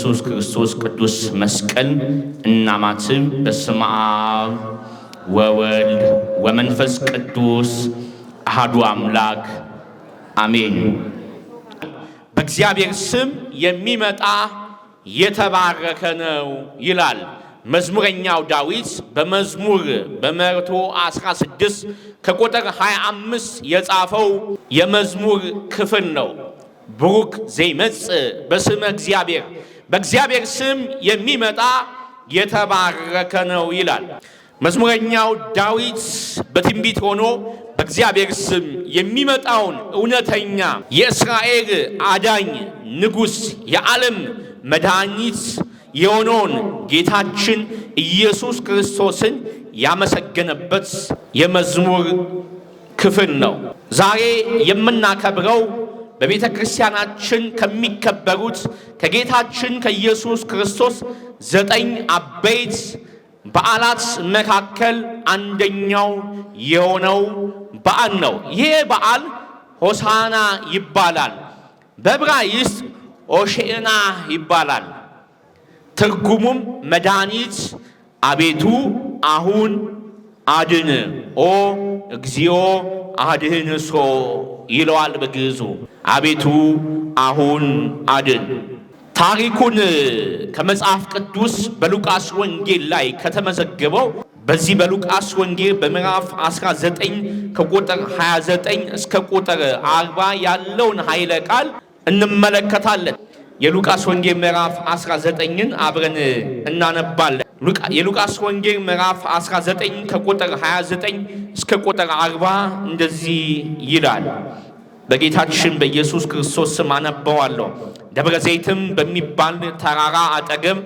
የኢየሱስ ክርስቶስ ቅዱስ መስቀል እና ማትም በስመ አብ ወወልድ ወመንፈስ ቅዱስ አህዱ አምላክ አሜን። በእግዚአብሔር ስም የሚመጣ የተባረከ ነው ይላል መዝሙረኛው ዳዊት በመዝሙር በመርቶ 16 ከቁጥር 25 የጻፈው የመዝሙር ክፍል ነው። ብሩክ ዘይመጽእ በስመ እግዚአብሔር በእግዚአብሔር ስም የሚመጣ የተባረከ ነው ይላል። መዝሙረኛው ዳዊት በትንቢት ሆኖ በእግዚአብሔር ስም የሚመጣውን እውነተኛ የእስራኤል አዳኝ ንጉሥ፣ የዓለም መድኃኒት የሆነውን ጌታችን ኢየሱስ ክርስቶስን ያመሰገነበት የመዝሙር ክፍል ነው። ዛሬ የምናከብረው በቤተ ክርስቲያናችን ከሚከበሩት ከጌታችን ከኢየሱስ ክርስቶስ ዘጠኝ አበይት በዓላት መካከል አንደኛው የሆነው በዓል ነው። ይህ በዓል ሆሳና ይባላል። በዕብራይስጥ ኦሼና ይባላል። ትርጉሙም መድኃኒት አቤቱ አሁን አድን፣ ኦ እግዚኦ አድህንሶ ይለዋል በግዕዙ። አቤቱ አሁን አድን። ታሪኩን ከመጽሐፍ ቅዱስ በሉቃስ ወንጌል ላይ ከተመዘገበው በዚህ በሉቃስ ወንጌል በምዕራፍ 19 ከቁጥር 29 እስከ ቁጥር 40 ያለውን ኃይለ ቃል እንመለከታለን። የሉቃስ ወንጌል ምዕራፍ 19ን አብረን እናነባለን። የሉቃስ ወንጌል ምዕራፍ 19 ከቁጥር 29 እስከ ቁጥር 40 እንደዚህ ይላል። በጌታችን በኢየሱስ ክርስቶስ ስም አነበዋለሁ። ደብረ ዘይትም በሚባል ተራራ አጠገብ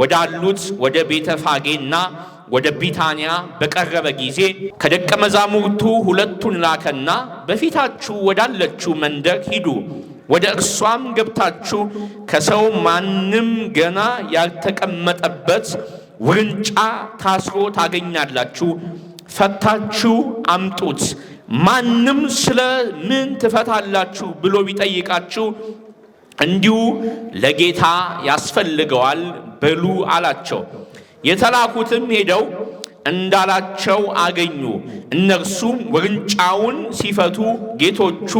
ወዳሉት ወደ ቤተ ፋጌና ወደ ቢታንያ በቀረበ ጊዜ ከደቀ መዛሙርቱ ሁለቱን ላከና በፊታችሁ ወዳለችው መንደር ሂዱ፣ ወደ እርሷም ገብታችሁ ከሰው ማንም ገና ያልተቀመጠበት ውርንጫ ታስሮ ታገኛላችሁ፣ ፈታችሁ አምጡት ማንም ስለ ምን ትፈታላችሁ ብሎ ቢጠይቃችሁ እንዲሁ ለጌታ ያስፈልገዋል በሉ አላቸው። የተላኩትም ሄደው እንዳላቸው አገኙ። እነርሱም ውርንጫውን ሲፈቱ ጌቶቹ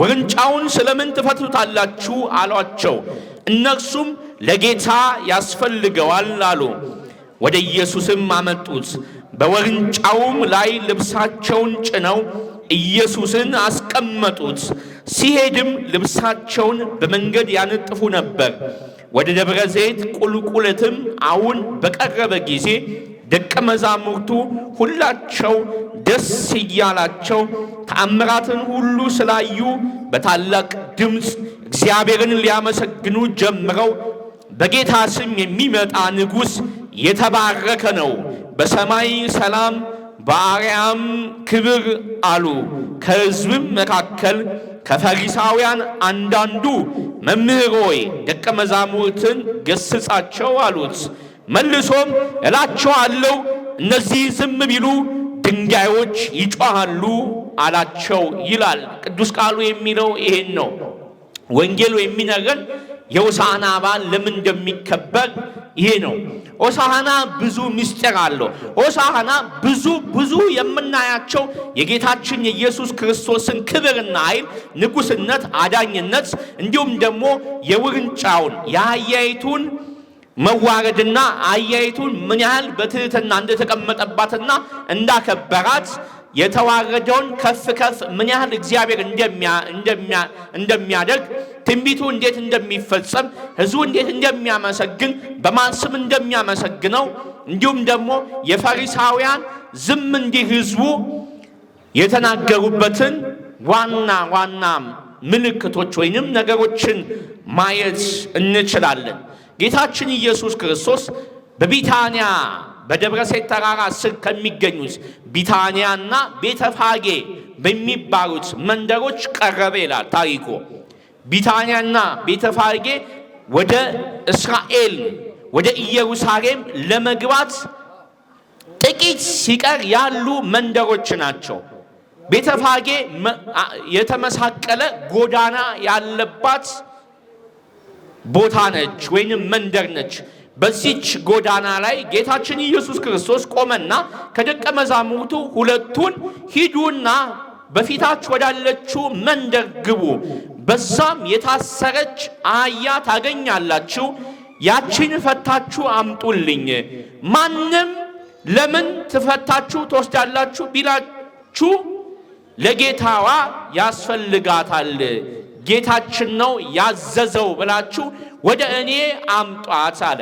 ውርንጫውን ስለምን ትፈቱታላችሁ አሏቸው። እነርሱም ለጌታ ያስፈልገዋል አሉ። ወደ ኢየሱስም አመጡት። በወርንጫውም ላይ ልብሳቸውን ጭነው ኢየሱስን አስቀመጡት። ሲሄድም ልብሳቸውን በመንገድ ያነጥፉ ነበር። ወደ ደብረ ዘይት ቁልቁለትም አሁን በቀረበ ጊዜ ደቀ መዛሙርቱ ሁላቸው ደስ እያላቸው ተአምራትን ሁሉ ስላዩ በታላቅ ድምፅ እግዚአብሔርን ሊያመሰግኑ ጀምረው በጌታ ስም የሚመጣ ንጉሥ የተባረከ ነው በሰማይ ሰላም በአርያም ክብር አሉ። ከሕዝብም መካከል ከፈሪሳውያን አንዳንዱ መምህር ሆይ ደቀ መዛሙርትን ገስጻቸው አሉት። መልሶም እላቸዋለሁ እነዚህ ዝም ቢሉ ድንጋዮች ይጮሃሉ አላቸው ይላል። ቅዱስ ቃሉ የሚለው ይሄን ነው። ወንጌሉ የሚነግር የሆሳዕና በዓል ለምን እንደሚከበር ይህ ነው። ሆሳዕና ብዙ ምስጢር አለው። ሆሳዕና ብዙ ብዙ የምናያቸው የጌታችን የኢየሱስ ክርስቶስን ክብርና ኃይል፣ ንጉሥነት፣ አዳኝነት እንዲሁም ደግሞ የውርንጫውን የአህያይቱን መዋረድና አህያይቱን ምን ያህል በትህትና እንደተቀመጠባትና እንዳከበራት የተዋረደውን ከፍ ከፍ ምን ያህል እግዚአብሔር እንደሚያደርግ ትንቢቱ እንዴት እንደሚፈጸም ህዝቡ እንዴት እንደሚያመሰግን በማን ስም እንደሚያመሰግነው እንዲሁም ደግሞ የፈሪሳውያን ዝም እንዲህ ህዝቡ የተናገሩበትን ዋና ዋና ምልክቶች ወይንም ነገሮችን ማየት እንችላለን። ጌታችን ኢየሱስ ክርስቶስ በቢታንያ በደብረሴት ተራራ ስር ከሚገኙት ቢታንያና ቤተፋጌ በሚባሉት መንደሮች ቀረበ ይላል ታሪኩ። ቢታንያና ቤተፋጌ ወደ እስራኤል ወደ ኢየሩሳሌም ለመግባት ጥቂት ሲቀር ያሉ መንደሮች ናቸው። ቤተፋጌ የተመሳቀለ ጎዳና ያለባት ቦታ ነች ወይንም መንደር ነች። በዚች ጎዳና ላይ ጌታችን ኢየሱስ ክርስቶስ ቆመና ከደቀ መዛሙርቱ ሁለቱን ሂዱና በፊታች ወዳለችው መንደር ግቡ፣ በዛም የታሰረች አህያ ታገኛላችሁ፣ ያችን ፈታችሁ አምጡልኝ። ማንም ለምን ትፈታችሁ ትወስዳላችሁ ቢላችሁ ለጌታዋ ያስፈልጋታል ጌታችን ነው ያዘዘው ብላችሁ ወደ እኔ አምጧት አለ።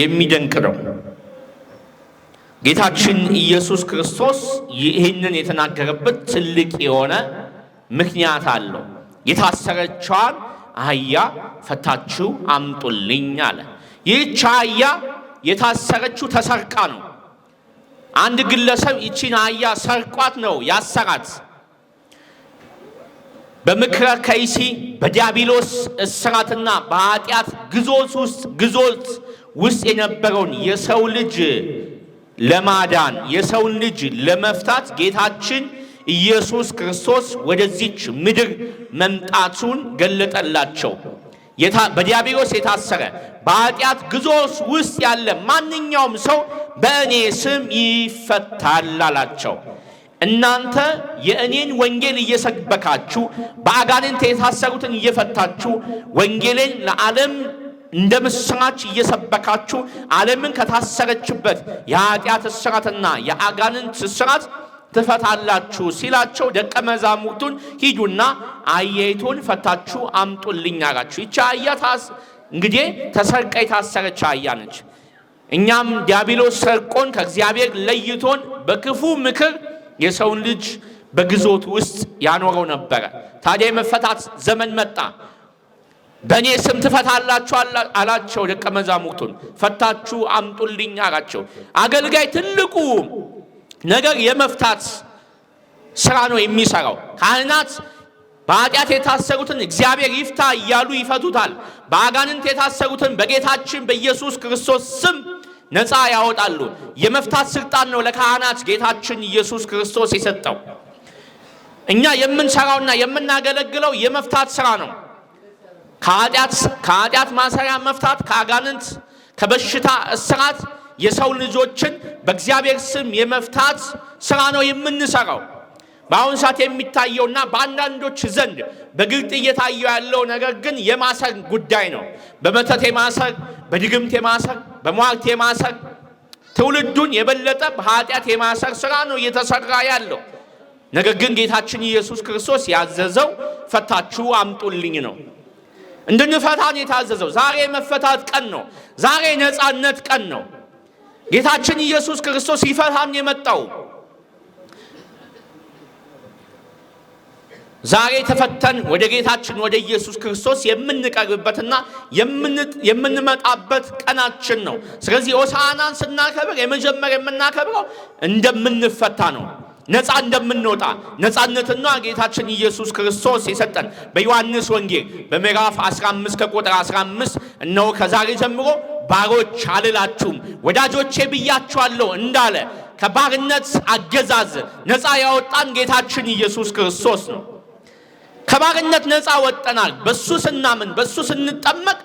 የሚደንቅ ነው። ጌታችን ኢየሱስ ክርስቶስ ይህንን የተናገረበት ትልቅ የሆነ ምክንያት አለው። የታሰረችዋን አህያ ፈታችሁ አምጡልኝ አለ። ይህች አህያ የታሰረችው ተሰርቃ ነው። አንድ ግለሰብ ይቺን አህያ ሰርቋት ነው ያሰራት። በምክረ ከይሲ በዲያብሎስ እስራትና በኃጢአት ግዞት ውስጥ ግዞት ውስጥ የነበረውን የሰው ልጅ ለማዳን የሰውን ልጅ ለመፍታት ጌታችን ኢየሱስ ክርስቶስ ወደዚች ምድር መምጣቱን ገለጠላቸው። በዲያብሎስ የታሰረ በኃጢአት ግዞት ውስጥ ያለ ማንኛውም ሰው በእኔ ስም ይፈታል አላቸው። እናንተ የእኔን ወንጌል እየሰበካችሁ በአጋንንት የታሰሩትን እየፈታችሁ ወንጌልን ለዓለም እንደ ምስራች እየሰበካችሁ ዓለምን ከታሰረችበት የኃጢአት እስራትና የአጋንንት እስራት ትፈታላችሁ ሲላቸው ደቀ መዛሙርቱን ሂዱና አያይቱን ፈታችሁ አምጡልኝ አላችሁ። ይቺ አያ እንግዲህ ተሰርቀ የታሰረች አያ ነች። እኛም ዲያብሎስ ሰርቆን ከእግዚአብሔር ለይቶን በክፉ ምክር የሰውን ልጅ በግዞት ውስጥ ያኖረው ነበረ። ታዲያ የመፈታት ዘመን መጣ። በእኔ ስም ትፈታላችሁ አላቸው። ደቀ መዛሙርቱን ፈታችሁ አምጡልኝ አላቸው። አገልጋይ ትልቁ ነገር የመፍታት ስራ ነው የሚሰራው። ካህናት በኃጢአት የታሰሩትን እግዚአብሔር ይፍታ እያሉ ይፈቱታል። በአጋንንት የታሰሩትን በጌታችን በኢየሱስ ክርስቶስ ስም ነፃ ያወጣሉ። የመፍታት ስልጣን ነው ለካህናት ጌታችን ኢየሱስ ክርስቶስ የሰጠው። እኛ የምንሰራውና የምናገለግለው የመፍታት ስራ ነው። ከኃጢአት ማሰሪያ መፍታት፣ ከአጋንንት ከበሽታ እስራት የሰው ልጆችን በእግዚአብሔር ስም የመፍታት ስራ ነው የምንሰራው። በአሁኑ ሰዓት የሚታየውና በአንዳንዶች ዘንድ በግልጥ እየታየው ያለው ነገር ግን የማሰር ጉዳይ ነው። በመተት የማሰር፣ በድግምት የማሰር፣ በሟርት የማሰር፣ ትውልዱን የበለጠ በኃጢአት የማሰር ስራ ነው እየተሰራ ያለው። ነገር ግን ጌታችን ኢየሱስ ክርስቶስ ያዘዘው ፈታችሁ አምጡልኝ ነው። እንድንፈታን የታዘዘው። ዛሬ መፈታት ቀን ነው። ዛሬ ነፃነት ቀን ነው። ጌታችን ኢየሱስ ክርስቶስ ይፈታን የመጣው ዛሬ ተፈተን ወደ ጌታችን ወደ ኢየሱስ ክርስቶስ የምንቀርብበትና የምንመጣበት ቀናችን ነው። ስለዚህ ሆሳዕናን ስናከብር የመጀመር የምናከብረው እንደምንፈታ ነው። ነፃ እንደምንወጣ ነፃነትና ጌታችን ኢየሱስ ክርስቶስ የሰጠን በዮሐንስ ወንጌል በምዕራፍ 15 ከቁጥር 15 እነሆ ከዛሬ ጀምሮ ባሮች አልላችሁም ወዳጆቼ ብያችኋለሁ እንዳለ ከባርነት አገዛዝ ነፃ ያወጣን ጌታችን ኢየሱስ ክርስቶስ ነው። ከባርነት ነፃ ወጠናል። በሱ ስናምን፣ በሱ ስንጠመቅ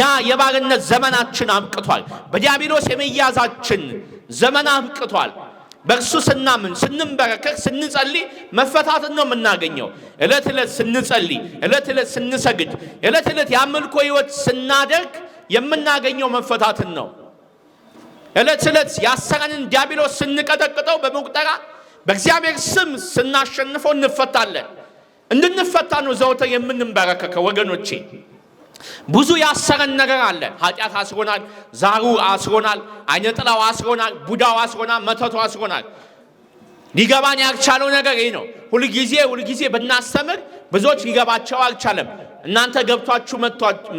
ያ የባርነት ዘመናችን አብቅቷል። በዲያብሎስ የመያዛችን ዘመን አብቅቷል። በእርሱ ስናምን ስንንበረከክ ስንጸልይ መፈታትን ነው የምናገኘው። ዕለት ዕለት ስንጸልይ፣ ዕለት ዕለት ስንሰግድ፣ ዕለት ዕለት የአምልኮ ሕይወት ስናደርግ የምናገኘው መፈታትን ነው። ዕለት ዕለት ያሰረንን ዲያብሎስ ስንቀጠቅጠው በመቁጠራ በእግዚአብሔር ስም ስናሸንፈው እንፈታለን። እንድንፈታ ነው ዘወትር የምንንበረከከው ወገኖቼ። ብዙ ያሰረን ነገር አለ። ኃጢአት አስሮናል፣ ዛሩ አስሮናል፣ አይነጥላው አስሮናል፣ ቡዳው አስሮናል፣ መተቱ አስሮናል። ሊገባን ያልቻለው ነገር ይህ ነው። ሁልጊዜ ሁልጊዜ ብናስተምር ብዙዎች ሊገባቸው አልቻለም። እናንተ ገብቷችሁ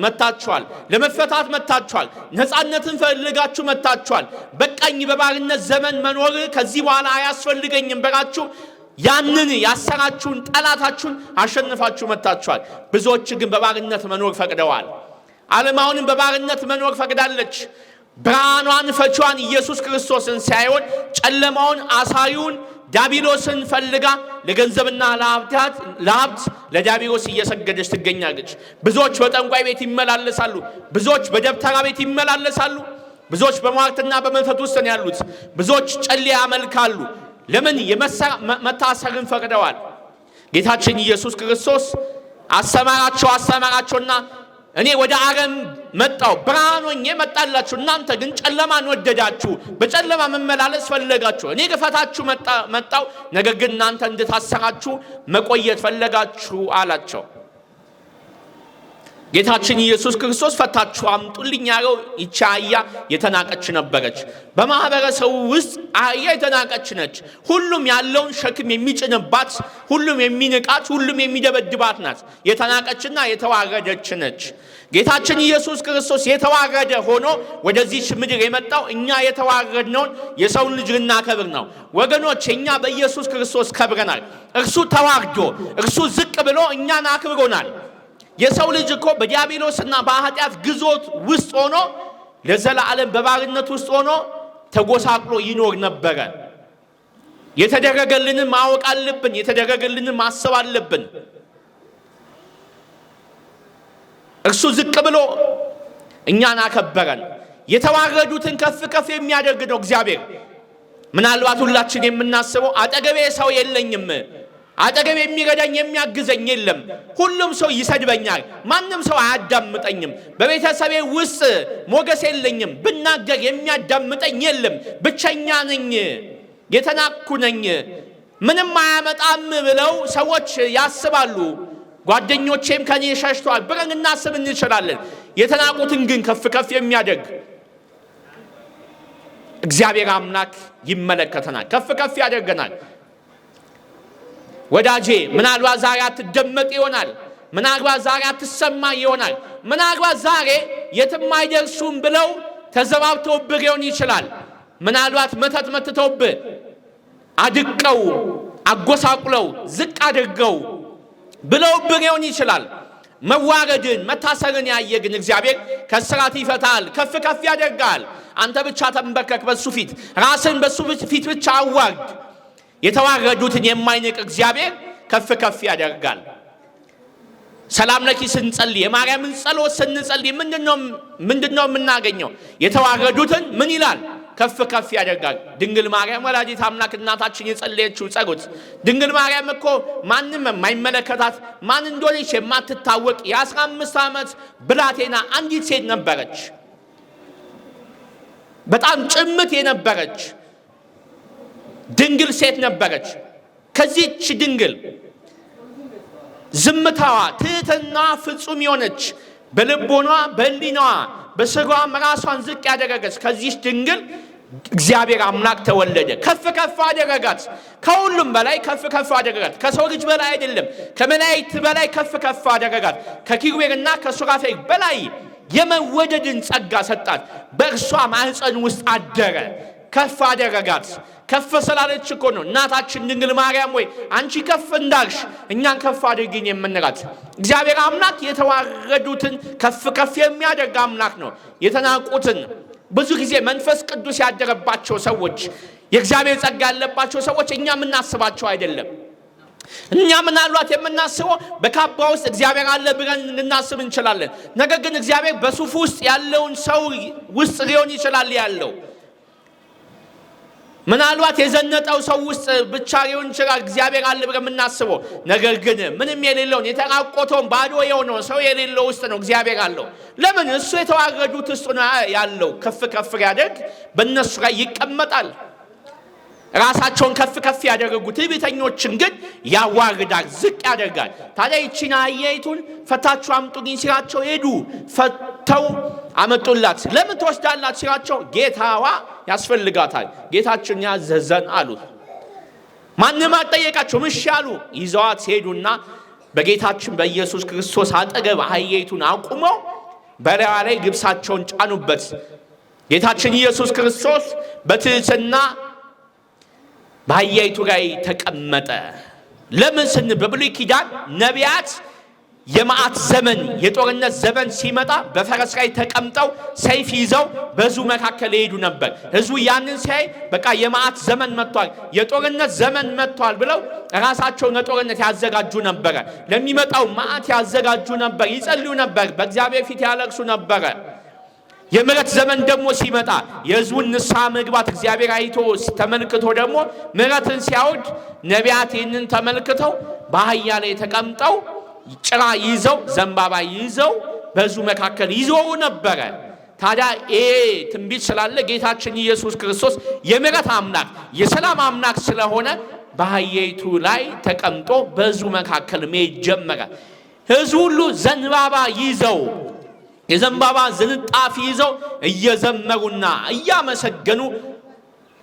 መታችኋል፣ ለመፈታት መታችኋል፣ ነፃነትን ፈልጋችሁ መታችኋል። በቃኝ፣ በባርነት ዘመን መኖር ከዚህ በኋላ አያስፈልገኝም ብላችሁ ያንን ያሰራችሁን ጠላታችሁን አሸንፋችሁ መታችኋል ብዙዎች ግን በባርነት መኖር ፈቅደዋል። ዓለም አሁንም በባርነት መኖር ፈቅዳለች። ብርሃኗን ፈቿን ኢየሱስ ክርስቶስን ሳይሆን ጨለማውን አሳዩን ዲያብሎስን ፈልጋ ለገንዘብና ለሀብታት ለሀብት ለዲያብሎስ እየሰገደች ትገኛለች። ብዙዎች በጠንቋይ ቤት ይመላለሳሉ። ብዙዎች በደብተራ ቤት ይመላለሳሉ። ብዙዎች በሟርትና በመተት ውስጥ ነው ያሉት። ብዙዎች ጨሌ ያመልካሉ። ለምን መታሰርን ፈቅደዋል? ጌታችን ኢየሱስ ክርስቶስ አሰማራቸው አሰማራቸውና እኔ ወደ አረም መጣው ብርሃን ሆኜ መጣላችሁ፣ እናንተ ግን ጨለማን ወደዳችሁ፣ በጨለማ መመላለስ ፈለጋችሁ። እኔ ግፈታችሁ መጣው፣ ነገር ግን እናንተ እንድታሰራችሁ መቆየት ፈለጋችሁ አላቸው። ጌታችን ኢየሱስ ክርስቶስ ፈታችሁ አምጡልኝ ያለው ይቺ አህያ የተናቀች ነበረች። በማህበረሰቡ ውስጥ አህያ የተናቀች ነች። ሁሉም ያለውን ሸክም የሚጭንባት፣ ሁሉም የሚንቃት፣ ሁሉም የሚደበድባት ናት። የተናቀችና የተዋረደች ነች። ጌታችን ኢየሱስ ክርስቶስ የተዋረደ ሆኖ ወደዚች ምድር የመጣው እኛ የተዋረድነውን የሰውን ልጅ ልናከብር ነው። ወገኖች እኛ በኢየሱስ ክርስቶስ ከብረናል። እርሱ ተዋርዶ፣ እርሱ ዝቅ ብሎ እኛን አክብሮናል። የሰው ልጅ እኮ በዲያብሎስና በኃጢአት ግዞት ውስጥ ሆኖ ለዘላለም በባርነት ውስጥ ሆኖ ተጎሳቅሎ ይኖር ነበረ። የተደረገልንን ማወቅ አለብን። የተደረገልንን ማሰብ አለብን። እርሱ ዝቅ ብሎ እኛን አከበረን። የተዋረዱትን ከፍ ከፍ የሚያደርግ ነው እግዚአብሔር። ምናልባት ሁላችን የምናስበው አጠገቤ ሰው የለኝም አጠገብ የሚረዳኝ የሚያግዘኝ የለም። ሁሉም ሰው ይሰድበኛል። ማንም ሰው አያዳምጠኝም። በቤተሰቤ ውስጥ ሞገስ የለኝም። ብናገር የሚያዳምጠኝ የለም። ብቸኛ ነኝ፣ የተናኩ ነኝ፣ ምንም አያመጣም ብለው ሰዎች ያስባሉ። ጓደኞቼም ከኔ ሸሽተዋል ብረን እናስብ እንችላለን። የተናቁትን ግን ከፍ ከፍ የሚያደርግ እግዚአብሔር አምላክ ይመለከተናል፣ ከፍ ከፍ ያደርገናል። ወዳጄ ምናልባት ዛሬ አትደመጥ ይሆናል። ምናልባት ዛሬ አትሰማ ይሆናል። ምናልባት ዛሬ የትም አይደርሱም ብለው ተዘባብተውብህ ሊሆን ይችላል። ምናልባት መተት መትተውብህ፣ አድቀው፣ አጎሳቁለው፣ ዝቅ አድርገው ብለው ሊሆን ይችላል። መዋረድን መታሰርን ያየ ግን እግዚአብሔር ከስራት ይፈታል፣ ከፍ ከፍ ያደርጋል። አንተ ብቻ ተንበርከክ በሱ ፊት፣ ራስን በሱ ፊት ብቻ አዋርድ። የተዋረዱትን የማይንቅ እግዚአብሔር ከፍ ከፍ ያደርጋል። ሰላም ለኪ ስንጸልይ የማርያምን ጸሎት ስንጸልይ ምንድነው የምናገኘው? የተዋረዱትን ምን ይላል? ከፍ ከፍ ያደርጋል። ድንግል ማርያም ወላዲት አምላክ እናታችን የጸለየችው ጸሎት ድንግል ማርያም እኮ ማንም የማይመለከታት ማን እንደሆነች የማትታወቅ የአስራ አምስት ዓመት ብላቴና አንዲት ሴት ነበረች፣ በጣም ጭምት የነበረች ድንግል ሴት ነበረች። ከዚች ድንግል ዝምታዋ፣ ትህትና ፍጹም የሆነች በልቦኗ በህሊናዋ በስጋዋም ራሷን ዝቅ ያደረገች ከዚች ድንግል እግዚአብሔር አምላክ ተወለደ። ከፍ ከፍ አደረጋት። ከሁሉም በላይ ከፍ ከፍ አደረጋት። ከሰው ልጅ በላይ አይደለም፣ ከመላእክት በላይ ከፍ ከፍ አደረጋት። ከኪሩቤልና ከሱራፌል በላይ የመወደድን ጸጋ ሰጣት። በእርሷ ማህፀን ውስጥ አደረ፣ ከፍ አደረጋት። ከፍ ስላለች እኮ ነው እናታችን ድንግል ማርያም ወይ አንቺ ከፍ እንዳልሽ እኛን ከፍ አድርግኝ የምንላት እግዚአብሔር አምላክ የተዋረዱትን ከፍ ከፍ የሚያደርግ አምላክ ነው። የተናቁትን ብዙ ጊዜ መንፈስ ቅዱስ ያደረባቸው ሰዎች የእግዚአብሔር ጸጋ ያለባቸው ሰዎች እኛ የምናስባቸው አይደለም። እኛ ምናልባት የምናስበው በካባ ውስጥ እግዚአብሔር አለ ብለን ልናስብ እንችላለን። ነገር ግን እግዚአብሔር በሱፍ ውስጥ ያለውን ሰው ውስጥ ሊሆን ይችላል ያለው ምናልባት የዘነጠው ሰው ውስጥ ብቻ ሊሆን ይችላል እግዚአብሔር አለ ብለን የምናስበው ነገር ግን ምንም የሌለውን የተራቆተውን ባዶ የሆነው ሰው የሌለው ውስጥ ነው እግዚአብሔር አለው። ለምን እሱ የተዋረዱት ውስጥ ነው ያለው። ከፍ ከፍ ያደርግ በእነሱ ላይ ይቀመጣል። ራሳቸውን ከፍ ከፍ ያደረጉ ትዕቢተኞችን ግን ያዋርዳል፣ ዝቅ ያደርጋል። ታዲያ ይቺን አህያይቱን ፈታችሁ አምጡልኝ ሲላቸው ሄዱ። ፈተው አመጡላት። ለምን ትወስዳላት ሲላቸው ጌታዋ ያስፈልጋታል፣ ጌታችን ያዘዘን አሉት። ማንም አልጠየቃቸውም፣ እሺ አሉ። ይዘዋት ሄዱና በጌታችን በኢየሱስ ክርስቶስ አጠገብ አህያይቱን አቁመው በላይዋ ላይ ግብሳቸውን ጫኑበት። ጌታችን ኢየሱስ ክርስቶስ በትህትና በአህያይቱ ላይ ተቀመጠ። ለምን ስን በብሉይ ኪዳን ነቢያት የመዓት ዘመን የጦርነት ዘመን ሲመጣ በፈረስ ላይ ተቀምጠው ሰይፍ ይዘው በሕዝቡ መካከል ይሄዱ ነበር። ሕዝቡ ያንን ሲያይ በቃ የመዓት ዘመን መጥቷል፣ የጦርነት ዘመን መጥቷል ብለው ራሳቸውን ለጦርነት ያዘጋጁ ነበረ። ለሚመጣው መዓት ያዘጋጁ ነበር፣ ይጸልዩ ነበር፣ በእግዚአብሔር ፊት ያለቅሱ ነበረ። የምረት ዘመን ደግሞ ሲመጣ የህዝቡን ንስሐ መግባት እግዚአብሔር አይቶ ተመልክቶ ደግሞ ምረትን ሲያወድ ነቢያት ይህንን ተመልክተው በአህያ ላይ ተቀምጠው ጭራ ይዘው ዘንባባ ይዘው በዙ መካከል ይዞሩ ነበረ። ታዲያ ይሄ ትንቢት ስላለ ጌታችን ኢየሱስ ክርስቶስ የምረት አምላክ የሰላም አምላክ ስለሆነ በአህያይቱ ላይ ተቀምጦ በዙ መካከል መሄድ ጀመረ። ሕዝቡ ሁሉ ዘንባባ ይዘው የዘንባባ ዝንጣፊ ይዘው እየዘመሩና እያመሰገኑ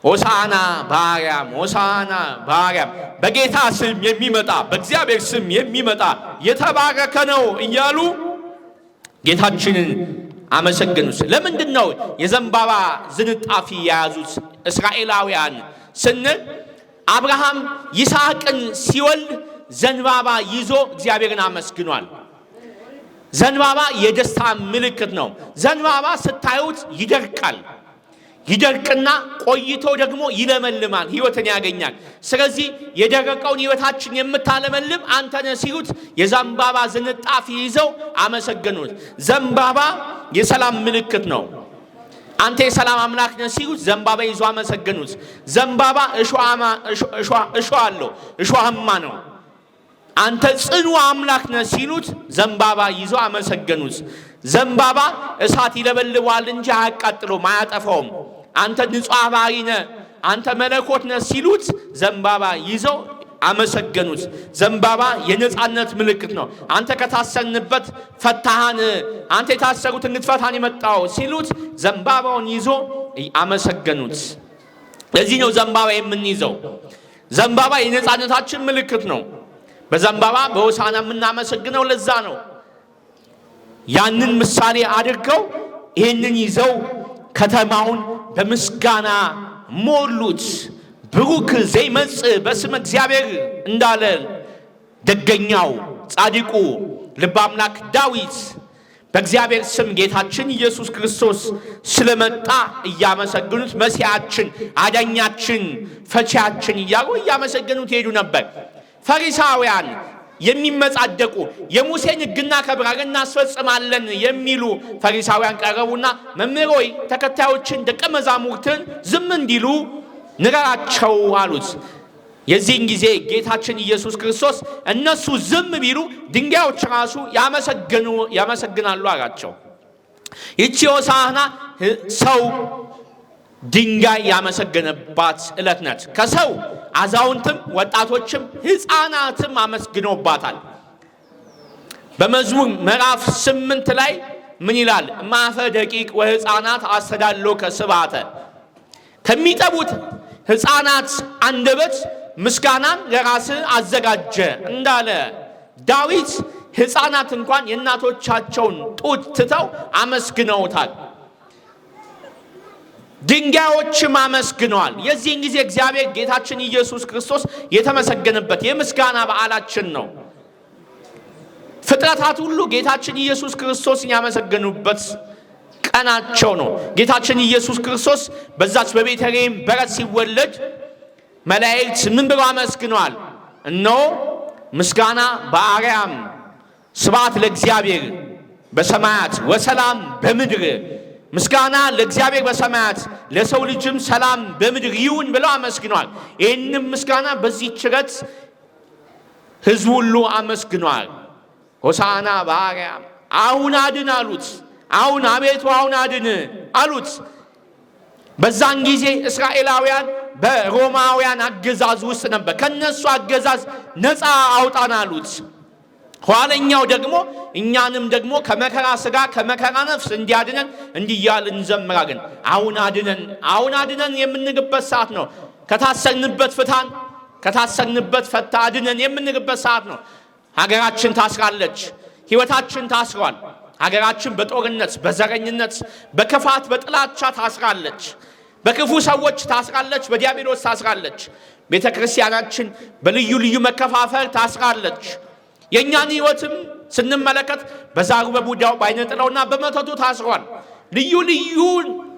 ሆሳና በአርያም ሆሳና በአርያም በጌታ ስም የሚመጣ በእግዚአብሔር ስም የሚመጣ የተባረከ ነው እያሉ ጌታችንን አመሰገኑት። ለምንድን ነው የዘንባባ ዝንጣፊ የያዙት እስራኤላውያን ስንል አብርሃም ይስሐቅን ሲወልድ ዘንባባ ይዞ እግዚአብሔርን አመስግኗል። ዘንባባ የደስታ ምልክት ነው። ዘንባባ ስታዩት ይደርቃል። ይደርቅና ቆይቶ ደግሞ ይለመልማል፣ ህይወትን ያገኛል። ስለዚህ የደረቀውን ህይወታችን የምታለመልም አንተ ሲሉት የዘንባባ ዝንጣፊ ይዘው አመሰገኑት። ዘንባባ የሰላም ምልክት ነው። አንተ የሰላም አምላክ ነህ ሲሉት ዘንባባ ይዞ አመሰገኑት። ዘንባባ እሾ አለው፣ እሾሃማ ነው። አንተ ጽኑ አምላክ ነህ ሲሉት ዘንባባ ይዞ አመሰገኑት። ዘንባባ እሳት ይለበልበዋል እንጂ አያቃጥሎም፣ አያጠፋውም። አንተ ንጹሕ ባህሪ ነህ፣ አንተ መለኮት ነህ ሲሉት ዘንባባ ይዘው አመሰገኑት። ዘንባባ የነፃነት ምልክት ነው። አንተ ከታሰርንበት ፈታሃን፣ አንተ የታሰሩት እንድትፈታን የመጣው ሲሉት ዘንባባውን ይዞ አመሰገኑት። ለዚህ ነው ዘንባባ የምንይዘው። ዘንባባ የነፃነታችን ምልክት ነው። በዘንባባ በሆሳና የምናመሰግነው ለዛ ነው። ያንን ምሳሌ አድርገው ይህንን ይዘው ከተማውን በምስጋና ሞሉት። ብሩክ ዘይመጽ በስመ እግዚአብሔር እንዳለ ደገኛው ጻድቁ ልበ አምላክ ዳዊት በእግዚአብሔር ስም ጌታችን ኢየሱስ ክርስቶስ ስለመጣ እያመሰግኑት መሲያችን፣ አዳኛችን፣ ፈቺያችን እያሉ እያመሰገኑት ይሄዱ ነበር። ፈሪሳውያን የሚመጻደቁ የሙሴን ግና ከብራን እናስፈጽማለን የሚሉ ፈሪሳውያን ቀረቡና መምህር ሆይ ተከታዮችን ደቀ መዛሙርትን ዝም እንዲሉ ንገራቸው አሉት። የዚህን ጊዜ ጌታችን ኢየሱስ ክርስቶስ እነሱ ዝም ቢሉ ድንጋዮች ራሱ ያመሰግናሉ አላቸው። ይቺ ሆሳዕና ሰው ድንጋይ ያመሰገነባት ዕለት ናት። ከሰው አዛውንትም፣ ወጣቶችም ሕፃናትም አመስግኖባታል። በመዝሙር ምዕራፍ ስምንት ላይ ምን ይላል? ማፈ ደቂቅ ወሕፃናት አስተዳሎ ከስባተ ከሚጠቡት ሕፃናት አንደበት ምስጋናን ለራስ አዘጋጀ እንዳለ ዳዊት ሕፃናት እንኳን የእናቶቻቸውን ጡት ትተው አመስግነውታል። ድንጋዮችም አመስግነዋል። የዚህን ጊዜ እግዚአብሔር ጌታችን ኢየሱስ ክርስቶስ የተመሰገነበት የምስጋና በዓላችን ነው። ፍጥረታት ሁሉ ጌታችን ኢየሱስ ክርስቶስን ያመሰገኑበት ቀናቸው ነው። ጌታችን ኢየሱስ ክርስቶስ በዛች በቤተልሔም በረት ሲወለድ መላእክት ምን ብሎ አመስግነዋል? እነሆ ምስጋና በአርያም ስብሐት ለእግዚአብሔር በሰማያት ወሰላም በምድር ምስጋና ለእግዚአብሔር በሰማያት ለሰው ልጅም ሰላም በምድር ይሁን ብለው አመስግነዋል። ይህንም ምስጋና በዚህ ችረት ህዝቡ ሁሉ አመስግነዋል። ሆሳና በአርያም አሁን አድን አሉት። አሁን አቤቱ አሁን አድን አሉት። በዛን ጊዜ እስራኤላውያን በሮማውያን አገዛዝ ውስጥ ነበር። ከነሱ አገዛዝ ነፃ አውጣን አሉት። ኋለኛው ደግሞ እኛንም ደግሞ ከመከራ ስጋ ከመከራ ነፍስ እንዲያድነን እንዲያል እንዘምራለን። አሁን አድነን አሁን አድነን የምንግበት ሰዓት ነው። ከታሰርንበት ፍታን፣ ከታሰርንበት ፈታ አድነን የምንግበት ሰዓት ነው። ሀገራችን ታስራለች። ህይወታችን ታስሯል። ሀገራችን በጦርነት በዘረኝነት፣ በክፋት፣ በጥላቻ ታስራለች። በክፉ ሰዎች ታስራለች። በዲያብሎስ ታስራለች። ቤተ ክርስቲያናችን በልዩ ልዩ መከፋፈል ታስራለች። የእኛን ህይወትም ስንመለከት በዛሩ በቡዳው በአይነ በመተቱ ታስሯል። ልዩ ልዩ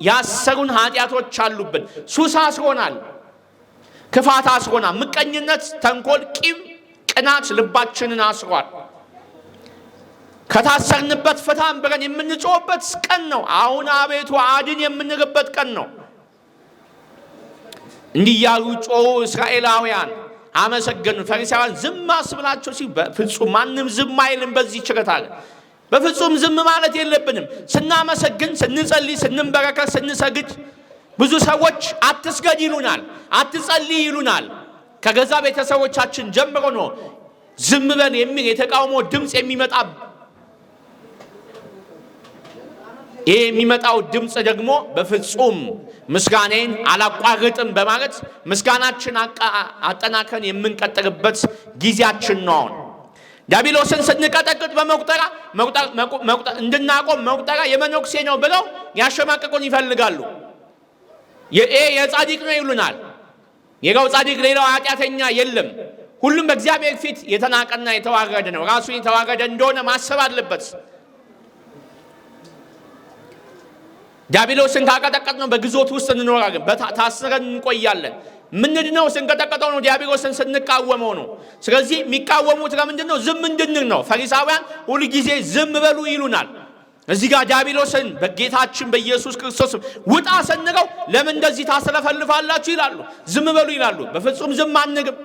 ያሰሩን ኃጢአቶች አሉብን። ሱስ አስሮናል። ክፋት አስሮናል። ምቀኝነት፣ ተንኮል፣ ቂም፣ ቅናት ልባችንን አስሯል። ከታሰርንበት ፍታን ብረን የምንጮህበት ቀን ነው። አሁን አቤቱ አድን የምንልበት ቀን ነው። እንዲህ ያሉ ጮሁ እስራኤላውያን አመሰገኑን። ፈሪሳውያን ዝም አስብላቸው ሲ በፍጹም ማንም ዝም አይልም። በዚህ ችረት አለ በፍጹም ዝም ማለት የለብንም። ስናመሰግን፣ ስንጸልይ፣ ስንንበረከት፣ ስንሰግድ ብዙ ሰዎች አትስገድ ይሉናል፣ አትጸልይ ይሉናል። ከገዛ ቤተሰቦቻችን ጀምሮ ነው ዝም በል የሚል የተቃውሞ ድምፅ የሚመጣ ይህ የሚመጣው ድምፅ ደግሞ በፍጹም ምስጋኔን አላቋርጥም በማለት ምስጋናችን አጠናከን የምንቀጥልበት ጊዜያችን ነው። አሁን ዲያብሎስን ስንቀጠቅጥ በመቁጠራ እንድናቆም መቁጠራ የመነኩሴ ነው ብለው ያሸማቀቁን ይፈልጋሉ። ይሄ የጻዲቅ ነው ይሉናል። የጋው ጻዲቅ ሌላው ኃጢአተኛ የለም። ሁሉም በእግዚአብሔር ፊት የተናቀና የተዋረደ ነው። ራሱን የተዋረደ እንደሆነ ማሰብ አለበት። ዲያብሎስን ካቀጠቀጥ ነው በግዞት ውስጥ እንኖራለን፣ ታስረን እንቆያለን። ምንድነው ስንቀጠቀጠው ነው፣ ዲያብሎስን ስንቃወመው ነው። ስለዚህ የሚቃወሙት ለምንድን ነው? ዝም እንድንል ነው። ፈሪሳውያን ሁልጊዜ ዝም በሉ ይሉናል። እዚህ ጋር ዲያብሎስን በጌታችን በኢየሱስ ክርስቶስ ውጣ ሰንቀው ለምን እንደዚህ ታስለፈልፋላችሁ ይላሉ፣ ዝም በሉ ይላሉ። በፍጹም ዝም አንግም።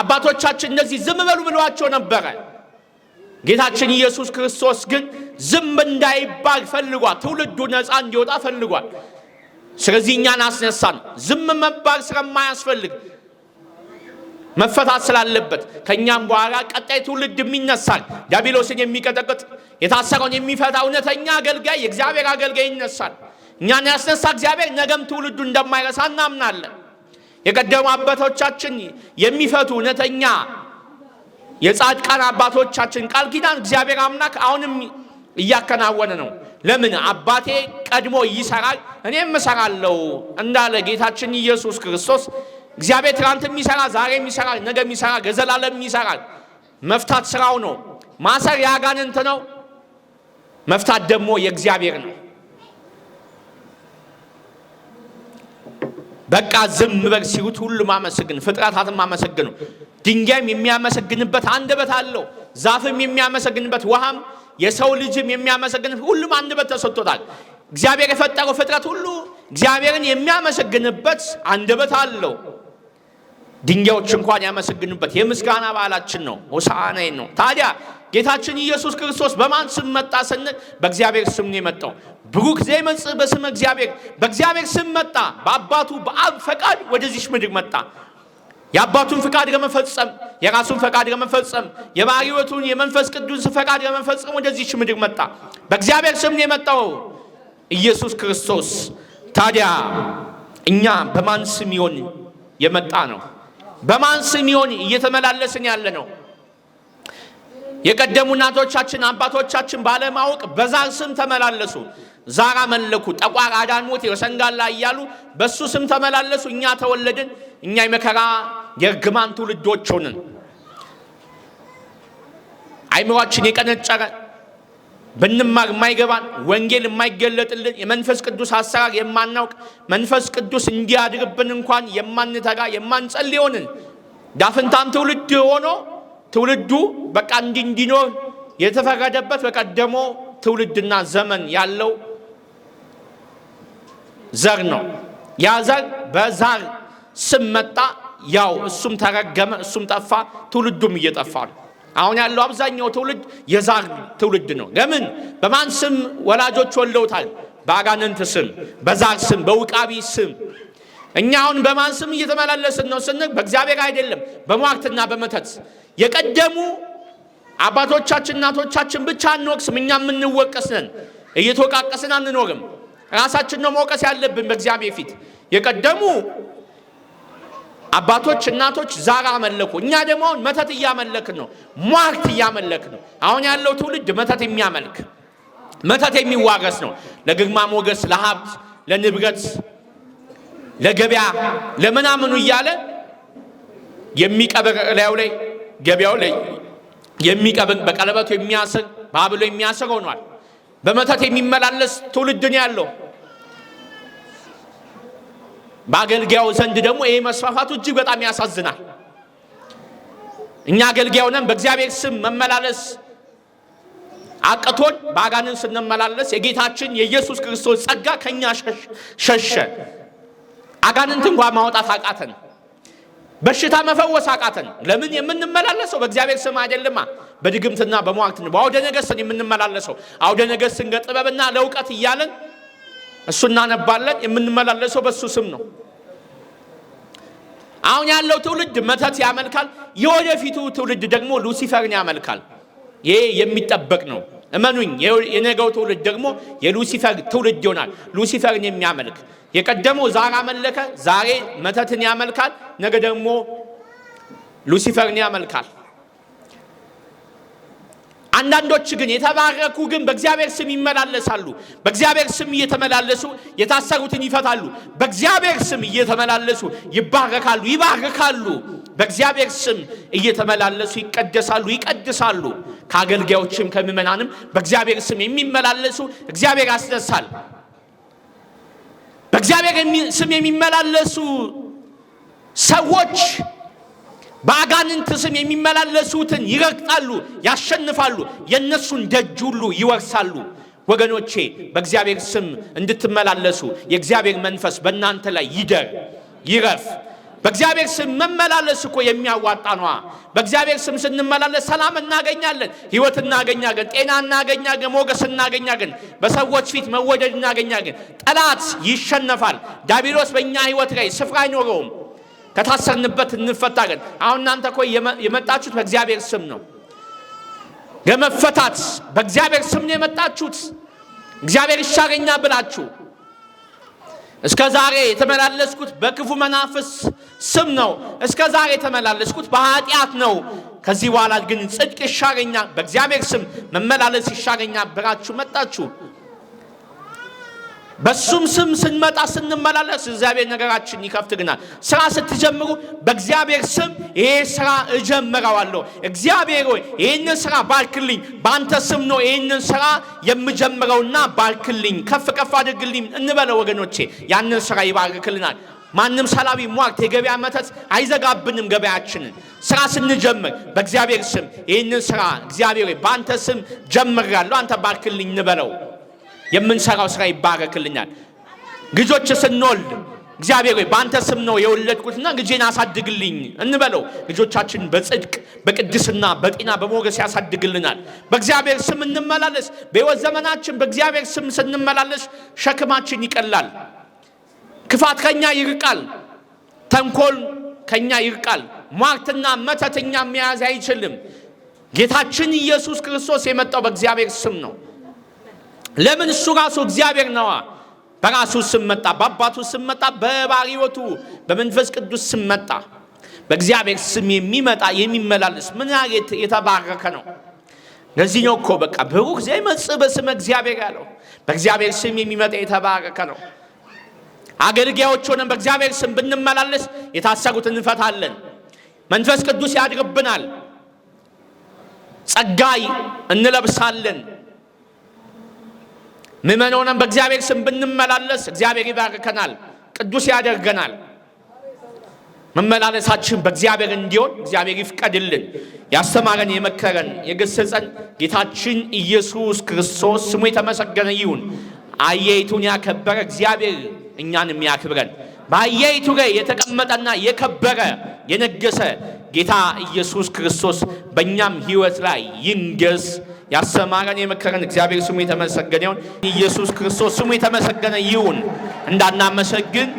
አባቶቻችን እንደዚህ ዝም በሉ ብለዋቸው ነበረ። ጌታችን ኢየሱስ ክርስቶስ ግን ዝም እንዳይባል ፈልጓል። ትውልዱ ነፃ እንዲወጣ ፈልጓል። ስለዚህ እኛን አስነሳን። ዝም መባል ስለማያስፈልግ መፈታት ስላለበት ከእኛም በኋላ ቀጣይ ትውልድ የሚነሳል። ዲያብሎስን የሚቀጠቅጥ የታሰረውን የሚፈታ እውነተኛ አገልጋይ፣ የእግዚአብሔር አገልጋይ ይነሳል። እኛን ያስነሳ እግዚአብሔር ነገም ትውልዱ እንደማይረሳ እናምናለን። የቀደሙ አባቶቻችን የሚፈቱ እውነተኛ የጻድቃን አባቶቻችን ቃል ኪዳን እግዚአብሔር አምላክ አሁንም እያከናወነ ነው። ለምን አባቴ ቀድሞ ይሰራል እኔም እሰራለሁ እንዳለ ጌታችን ኢየሱስ ክርስቶስ እግዚአብሔር ትናንትም የሚሰራ ዛሬም የሚሰራ ነገ የሚሰራ ለዘላለም ይሰራል። መፍታት ስራው ነው። ማሰር ያጋንንት ነው፣ መፍታት ደግሞ የእግዚአብሔር ነው። በቃ ዝም በል ሲሉት ሁሉም አመሰግን፣ ፍጥረታትም አመሰግኑ። ድንጋይም የሚያመሰግንበት አንደበት አለው፣ ዛፍም የሚያመሰግንበት፣ ውሃም የሰው ልጅም የሚያመሰግንበት፣ ሁሉም አንደበት ተሰጥቶታል። እግዚአብሔር የፈጠረው ፍጥረት ሁሉ እግዚአብሔርን የሚያመሰግንበት አንደበት አለው። ድንጋዮች እንኳን ያመሰግኑበት የምስጋና በዓላችን ነው፣ ሆሳዕና ነው። ታዲያ ጌታችን ኢየሱስ ክርስቶስ በማን ስም መጣ ስንል በእግዚአብሔር ስም ነው የመጣው። ብሩክ ዘይመጽእ በስም እግዚአብሔር፣ በእግዚአብሔር ስም መጣ። በአባቱ በአብ ፈቃድ ወደዚህ ምድር መጣ። የአባቱን ፈቃድ ለመፈጸም የራሱን ፈቃድ ለመፈጸም የባሪወቱን የመንፈስ ቅዱስ ፈቃድ ለመፈጸም ወደዚህ ምድር መጣ። በእግዚአብሔር ስም ነው የመጣው ኢየሱስ ክርስቶስ። ታዲያ እኛ በማን ስም ይሆን የመጣ ነው? በማን ስም ይሆን እየተመላለስን ያለ ነው? የቀደሙ እናቶቻችን አባቶቻችን ባለማወቅ በዛ ስም ተመላለሱ። ዛራ መለኩ፣ ጠቋር አዳንሞት፣ የሰንጋላ እያሉ በሱ ስም ተመላለሱ። እኛ ተወለድን፣ እኛ የመከራ የእርግማን ትውልዶች ሆንን። አይምሯችን የቀነጨረ ብንማር የማይገባን ወንጌል የማይገለጥልን የመንፈስ ቅዱስ አሰራር የማናውቅ መንፈስ ቅዱስ እንዲያድርብን እንኳን የማንተጋ የማንጸል ሆንን። ዳፍንታም ትውልድ ሆኖ ትውልዱ በቃ እንዲ እንዲኖር የተፈረደበት በቀደሞ ትውልድና ዘመን ያለው ዘር ነው። ያ ዘር በዛር ስም መጣ። ያው እሱም ተረገመ፣ እሱም ጠፋ፣ ትውልዱም እየጠፋ ነው። አሁን ያለው አብዛኛው ትውልድ የዛር ትውልድ ነው። ለምን? በማን ስም ወላጆች ወልደውታል? በአጋንንት ስም፣ በዛር ስም፣ በውቃቢ ስም። እኛ አሁን በማን ስም እየተመላለስን ነው ስንል በእግዚአብሔር አይደለም፣ በሟርትና በመተት የቀደሙ አባቶቻችን እናቶቻችን ብቻ አንወቅስም። እኛ የምንወቀስ ነን። እየተወቃቀስን አንኖርም። ራሳችን ነው መውቀስ ያለብን በእግዚአብሔር ፊት። የቀደሙ አባቶች እናቶች ዛር አመለኩ። እኛ ደግሞ አሁን መተት እያመለክን ነው፣ ሟርት እያመለክ ነው። አሁን ያለው ትውልድ መተት የሚያመልክ መተት የሚዋረስ ነው። ለግርማ ሞገስ፣ ለሀብት፣ ለንብረት፣ ለገበያ፣ ለምናምኑ እያለ የሚቀበር ላዩ ላይ ገበያው ላይ የሚቀብን በቀለበቱ የሚያሰግ በሀብሎ የሚያስር ሆኗል። በመተት የሚመላለስ ትውልድ ነው ያለው። በአገልጋዩ ዘንድ ደግሞ ይህ መስፋፋቱ እጅግ በጣም ያሳዝናል። እኛ አገልጋዩ ነን። በእግዚአብሔር ስም መመላለስ አቅቶን በአጋንን ስንመላለስ የጌታችን የኢየሱስ ክርስቶስ ጸጋ ከእኛ ሸሸ። አጋንንት እንኳ ማውጣት አቃተን። በሽታ መፈወስ አቃተን። ለምን የምንመላለሰው በእግዚአብሔር ስም አይደለማ፣ በድግምትና በመዋቅት በአውደ ነገስትን የምንመላለሰው አውደ ነገስትን ገጥበብና ለእውቀት እያለን እሱ እናነባለን። የምንመላለሰው በእሱ ስም ነው። አሁን ያለው ትውልድ መተት ያመልካል። የወደፊቱ ትውልድ ደግሞ ሉሲፈርን ያመልካል። ይሄ የሚጠበቅ ነው። እመኑኝ፣ የነገው ትውልድ ደግሞ የሉሲፈር ትውልድ ይሆናል። ሉሲፈርን የሚያመልክ የቀደመው ዛር አመለከ፣ ዛሬ መተትን ያመልካል፣ ነገ ደግሞ ሉሲፈርን ያመልካል። አንዳንዶች ግን የተባረኩ ግን በእግዚአብሔር ስም ይመላለሳሉ። በእግዚአብሔር ስም እየተመላለሱ የታሰሩትን ይፈታሉ። በእግዚአብሔር ስም እየተመላለሱ ይባረካሉ፣ ይባርካሉ። በእግዚአብሔር ስም እየተመላለሱ ይቀደሳሉ ይቀድሳሉ። ከአገልጋዮችም ከምዕመናንም በእግዚአብሔር ስም የሚመላለሱ እግዚአብሔር ያስደሳል። በእግዚአብሔር ስም የሚመላለሱ ሰዎች በአጋንንት ስም የሚመላለሱትን ይረግጣሉ፣ ያሸንፋሉ፣ የእነሱን ደጅ ሁሉ ይወርሳሉ። ወገኖቼ በእግዚአብሔር ስም እንድትመላለሱ የእግዚአብሔር መንፈስ በእናንተ ላይ ይደር ይረፍ። በእግዚአብሔር ስም መመላለስ እኮ የሚያዋጣ ነዋ። በእግዚአብሔር ስም ስንመላለስ ሰላም እናገኛለን፣ ህይወት እናገኛለን፣ ጤና እናገኛለን፣ ሞገስ እናገኛለን፣ በሰዎች ፊት መወደድ እናገኛለን። ጠላት ይሸነፋል። ዳቢሎስ በእኛ ህይወት ላይ ስፍራ አይኖረውም። ከታሰርንበት እንፈታለን። አሁን እናንተ እኮ የመጣችሁት በእግዚአብሔር ስም ነው። ለመፈታት በእግዚአብሔር ስም ነው የመጣችሁት። እግዚአብሔር ይሻገኛ ብላችሁ እስከ ዛሬ የተመላለስኩት በክፉ መናፍስ ስም ነው። እስከ ዛሬ የተመላለስኩት በኃጢአት ነው። ከዚህ በኋላ ግን ጽድቅ ይሻረኛል፣ በእግዚአብሔር ስም መመላለስ ይሻረኛል ብራችሁ መጣችሁ። በሱም ስም ስንመጣ ስንመላለስ እግዚአብሔር ነገራችን ይከፍትልናል። ስራ ስትጀምሩ በእግዚአብሔር ስም ይሄ ስራ እጀምረዋለሁ፣ እግዚአብሔር ሆይ ይህንን ስራ ባርክልኝ፣ በአንተ ስም ነው ይህንን ስራ የምጀምረውና ባርክልኝ፣ ከፍ ከፍ አድርግልኝ እንበለው ወገኖቼ። ያንን ስራ ይባርክልናል። ማንም ሰላቢ ሟርት የገበያ መተት አይዘጋብንም ገበያችንን። ስራ ስንጀምር በእግዚአብሔር ስም ይህንን ስራ እግዚአብሔር በአንተ ስም ጀምራለሁ፣ አንተ ባርክልኝ እንበለው። የምንሰራው ስራ ይባረክልኛል። ልጆች ስንወልድ እግዚአብሔር ሆይ በአንተ ስም ነው የወለድኩትና ልጄን አሳድግልኝ እንበለው። ልጆቻችን በጽድቅ በቅድስና በጤና በሞገስ ያሳድግልናል። በእግዚአብሔር ስም እንመላለስ። በሕይወት ዘመናችን በእግዚአብሔር ስም ስንመላለስ ሸክማችን ይቀላል። ክፋት ከኛ ይርቃል። ተንኮል ከኛ ይርቃል። ሟርትና መተትኛ መያዝ አይችልም። ጌታችን ኢየሱስ ክርስቶስ የመጣው በእግዚአብሔር ስም ነው። ለምን እሱ ራሱ እግዚአብሔር ነዋ። በራሱ ስም መጣ፣ በአባቱ ስም መጣ፣ በባሪወቱ በመንፈስ ቅዱስ ስም መጣ። በእግዚአብሔር ስም የሚመጣ የሚመላለስ ምን የተባረከ ነው። ለዚህ ነው እኮ በቃ ብሩክ ዘይመጽእ በስመ እግዚአብሔር ያለው። በእግዚአብሔር ስም የሚመጣ የተባረከ ነው። አገልጋዮች ሆነን በእግዚአብሔር ስም ብንመላለስ የታሰሩት እንፈታለን። መንፈስ ቅዱስ ያድርብናል። ጸጋይ እንለብሳለን። ምእመን ሆነን በእግዚአብሔር ስም ብንመላለስ እግዚአብሔር ይባርከናል፣ ቅዱስ ያደርገናል። መመላለሳችን በእግዚአብሔር እንዲሆን እግዚአብሔር ይፍቀድልን። ያስተማረን፣ የመከረን፣ የገሰጸን ጌታችን ኢየሱስ ክርስቶስ ስሙ የተመሰገነ ይሁን። አየይቱን ያከበረ እግዚአብሔር እኛንም ያክብረን። በአህያይቱ ላይ የተቀመጠና የከበረ የነገሰ ጌታ ኢየሱስ ክርስቶስ በእኛም ሕይወት ላይ ይንገስ። ያሰማረን የመከረን እግዚአብሔር ስሙ የተመሰገነ ይሁን። ኢየሱስ ክርስቶስ ስሙ የተመሰገነ ይሁን። እንዳናመሰግን